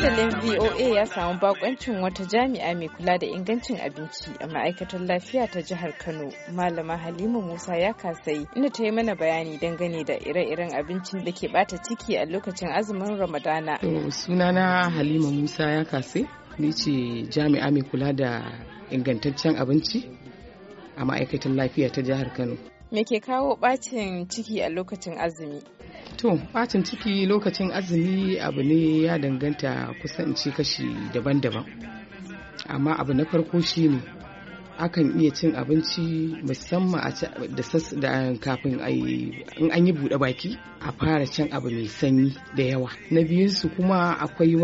dandalin VOA ya samu bakoncin wata jami'a mai kula da ingancin abinci a ma'aikatar lafiya ta jihar Kano, Malama Halima Musa ya kasai inda ta yi mana bayani dangane da ire-iren abincin da ke bata ciki a lokacin azumin Ramadana. To sunana Halima Musa ya kasai, ni ce jami'a mai kula da ingantaccen abinci a ma'aikatar lafiya ta jihar Kano. Me ke kawo ɓacin ciki a lokacin azumi? To, bacin ciki lokacin azumi abu ne ya danganta kusan ci kashi daban-daban. Amma abu na farko shi ne, akan iya cin abinci musamman da kafin in an yi buɗe baki a fara cin abu mai sanyi da yawa na biyunsu kuma akwai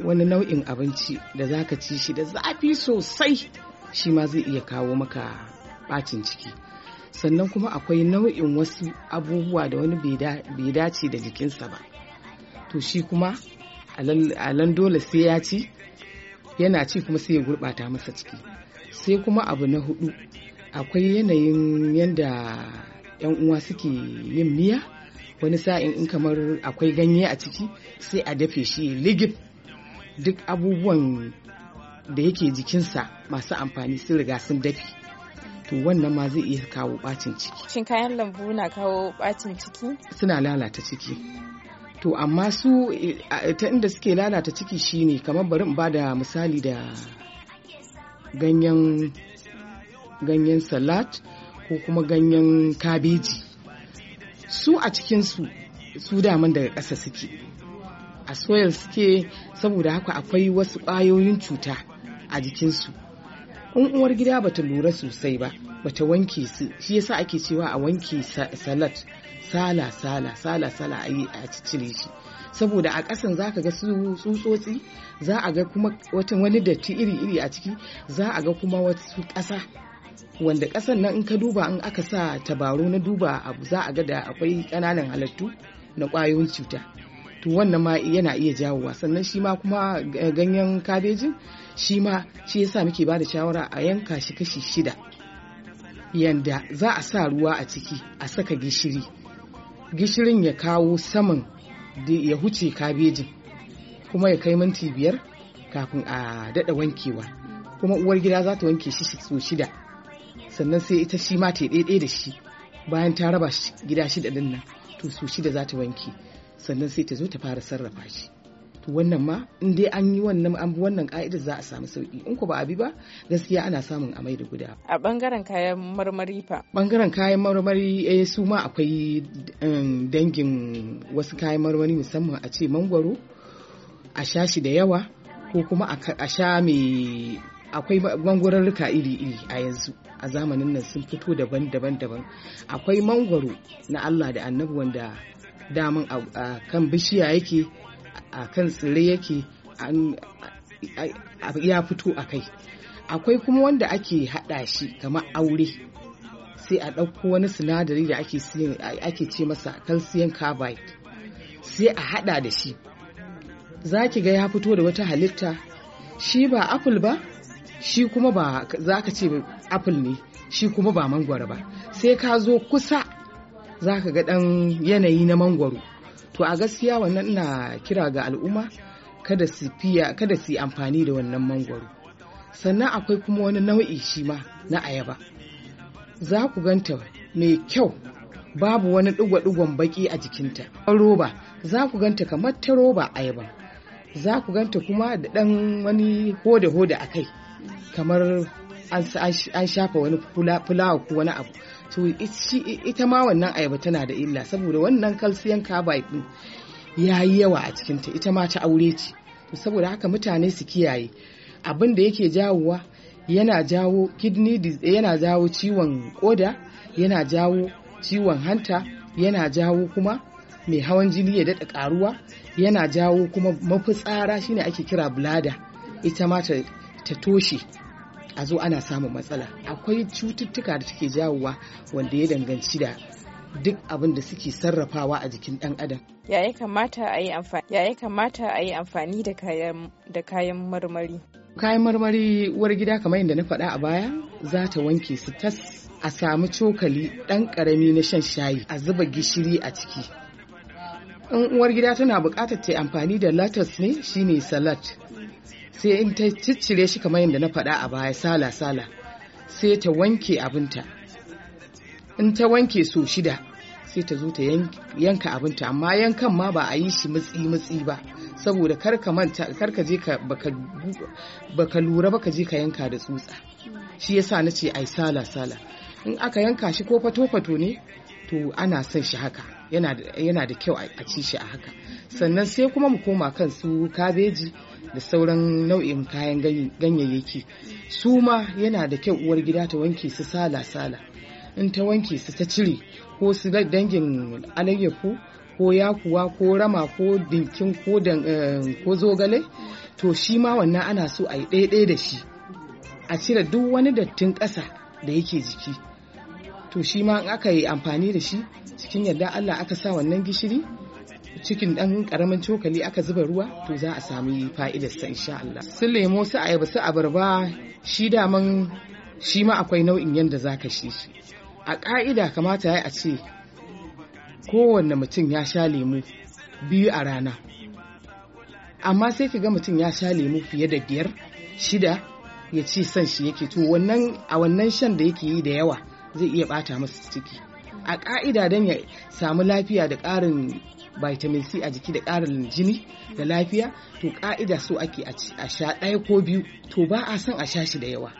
wani nau'in abinci da zaka ci shi da zafi sosai shi ma zai iya kawo maka bacin ciki sannan kuma akwai nau'in wasu abubuwa da wani bai dace da jikinsa ba to shi kuma alan dole sai ya ci yana ci kuma sai ya gurɓata masa ciki sai kuma abu na hudu akwai yanayin yadda 'yan uwa suke yin miya wani sa'in in kamar akwai ganye a ciki sai a dafe shi ligif duk abubuwan da yake jikinsa masu amfani sun riga sun dafe to wannan ma zai iya kawo bacin ciki shin kayan lambu na kawo bacin ciki suna lalata ciki to amma su eh, ta inda suke lalata ciki shine kamar bari ba da misali da ganyen ganyen salat ko kuma ganyen kabeji su a cikinsu su daman daga ƙasa suke a soil suke saboda haka akwai wasu ƙwayoyin cuta a jikinsu in uwar gida bata lura sosai ba bata wanke su shi yasa ake cewa a wanke salat sala sala sala sala a yi a shi saboda a ƙasan za ka ga tsutsotsi za a ga kuma wata wani datti iri-iri a ciki za a ga kuma wasu ƙasa wanda ƙasan nan in ka duba in aka sa tabaru na duba abu za a ga da akwai ƙananan halittu na ƙwayoyin cuta to wannan ma yana iya jawowa sannan shi ma kuma eh, ganyen kabejin shi ma shi yasa muke ba da shawara a yanka shi kashi shida yanda za a sa ruwa a ciki a saka gishiri gishirin ya kawo saman da ya huce kabejin kuma ya kai minti biyar kafin a daɗa wankewa kuma uwar gida za ta wanke shi so shida sannan sai ita shi ma ta ɗaiɗai da shi bayan ta raba gida shida ɗin nan to so shida za ta wanke sannan sai ta zo ta fara sarrafa shi to wannan ma in dai an yi wannan wannan ka'idar za a samu sauki in ku ba a bi ba gaskiya ana samun amai da guda a bangaren kayan marmari fa bangaren kayan marmari eh su ma akwai um, dangin wasu kayan marmari musamman a ce mangwaro a sha shi da yawa ko kuma a sha mai akwai rika iri-iri a yanzu a zamanin nan sun fito daban-daban daban akwai mangwaro na Allah da annabi wanda daman a kan bishiya yake a kan tsire yake ya fito a kai akwai kuma wanda ake haɗa shi kamar aure sai a ɗauko wani sinadari da ake ce masa calcium carbide sai a haɗa da shi za ki ga ya fito da wata halitta shi ba apple ba shi kuma ba za ka ce apple ne shi kuma ba mangwaro ba sai ka zo kusa za ka ga ɗan yanayi na mangwaro to a gaskiya wannan ina kira ga al'umma kada su yi amfani da wannan mangwaro sannan akwai kuma wani nau'i shi ma na ayaba za ku ganta mai kyau babu wani ɗigwa-ɗigwan baki a jikinta roba za ku ganta kamar ta roba ayaba za ku ganta kuma da ɗan wani hoda-hoda a kai kamar an shafa wani fulawa ko wani abu to ita ma wannan ayaba tana da illa saboda wannan kalsiyan carbide din ya yi yawa a cikinta ita ma ta aure ce saboda haka mutane su kiyaye abin da yake jawowa yana jawo kidney yana jawo ciwon koda yana jawo ciwon hanta yana jawo kuma mai hawan jini ya daɗa ƙaruwa yana jawo kuma mafitsara shine ake kira blada ita ma ta toshe a zo ana samun matsala akwai cututtuka da suke jawowa wanda ya danganci da duk abin da suke sarrafawa a jikin dan adam ya kamata a yi amfani da kayan marmari kayan marmari uwar gida kamar yadda na faɗa a baya za ta wanke su tas a samu cokali ɗan ƙarami na shan shayi a zuba gishiri a ciki in uwar gida tana bukatar ta amfani da latas ne shine salat sai in ta ciccire shi kamar yadda na faɗa a baya sala sala sai ta wanke abinta in ta wanke so shida sai ta zo ta yanka abinta amma yankan ma ba a yi shi mutsi mutsi ba saboda kar ka manta ka je ka baka lura baka je ka yanka da tsutsa shi yasa nace ai sala sala in aka yanka shi ko fato fato ne to ana son shi haka yana da kyau a ci shi a haka sannan sai kuma mu koma kan su kabeji da sauran nau'in kayan ganyayyaki su ma yana da kyau uwar gida ta wanke su sala-sala in ta wanke su ta cire ko su dangin alayyafu ko yakuwa ko rama ko dinkin eh, ko zogale to shi ma wannan ana so a yi ɗaiɗai da shi a cire duk wani dattin ƙasa da yake jiki to shi ma in aka yi amfani da shi cikin yarda Allah aka sa wannan gishiri cikin dan karamin cokali aka zuba ruwa to za a sami fa'idarsa insha Allah su lemo su ayaba su abarba shi daman shi ma akwai nau'in yadda za ka shi a ƙa'ida kamata ya a ce kowanne mutum ya sha lemo biyu a rana amma sai ki ga mutum ya sha lemo fiye da biyar shida ya ce son shi yake to wannan a wannan shan da yake yi da yawa zai iya bata masa ciki a ka'ida don ya samu lafiya da ƙarin vitamin c a jiki da ƙarin jini da lafiya to ka'ida so ake a sha ɗaya ko biyu to ba a son a sha shi da yawa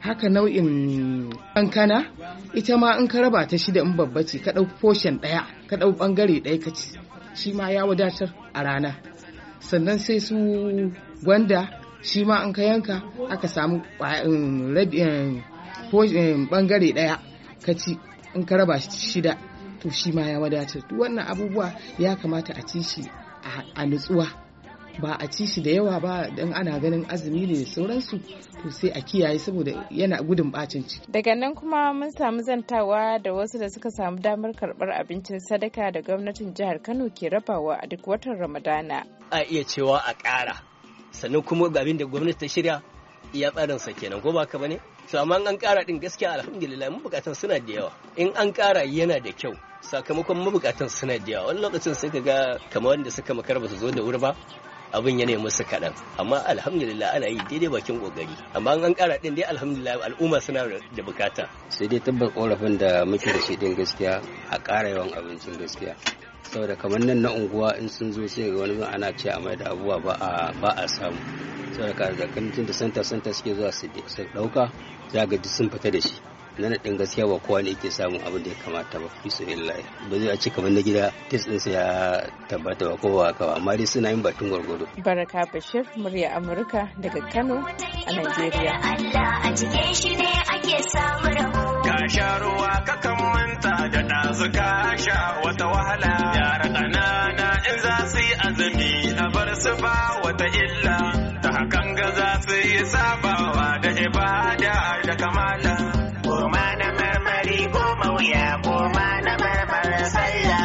haka nau'in kankana ita ma in ka raba ta shida in babba ce ka ɗau portion ɗaya ka ɗau ɓangare ɗaya ka ci shi ma ya wadatar a rana sannan sai su gwanda shi ma in ka yanka aka samu um, um, um, ɓangare ɗaya ka ci in ka raba shi shida to shi ma ya wadatar wannan abubuwa ya kamata a ci shi a nutsuwa ba a ci shi da yawa ba don ana ganin azumi ne da sauransu to sai a kiyaye saboda yana gudun bacin ciki daga nan kuma mun samu zantawa da wasu da suka samu damar karɓar abincin sadaka da gwamnatin jihar kano ke rabawa a duk watan ramadana a iya cewa a ƙara sannan kuma abin da gwamnati ta shirya iya sa kenan ko ba ka bane to amma an kara din gaskiya alhamdulillah mabukatan suna da yawa in an kara yana da kyau sakamakon mabukatan suna da yawa wani lokacin sai ka ga kamar wanda suka makar ba su zo da wuri ba abin yana nemi su kaɗan amma alhamdulillah ana yi daidai bakin kokari amma an kara din dai alhamdulillah al'umma suna da bukata sai dai tabbar korafin da muke da shi din gaskiya a kara yawan abincin gaskiya saboda kamar nan na unguwa in sun zo sai ga wani ana ce a mai da abubuwa ba a samu saboda kan tun da santa santa suke zuwa su dauka za ga duk sun fita da shi nan din gaskiya ba kowa ne yake samun abin da ya kamata ba fi sun ba zai a ce kamar na gida test ɗinsa ya tabbata ba ko ba ba amma dai suna yin batun gwargwado. baraka bashir murya amurka daga kano a Najeriya. ka sha ruwa ka kan manta da ɗazu ka sha wata wahala yara ƙanana in za su yi azumi a bar su ba wata illa ta hakan ga za su yi sabawa da ibada da kamala goma na marmari goma wuya goma na marmarin sallah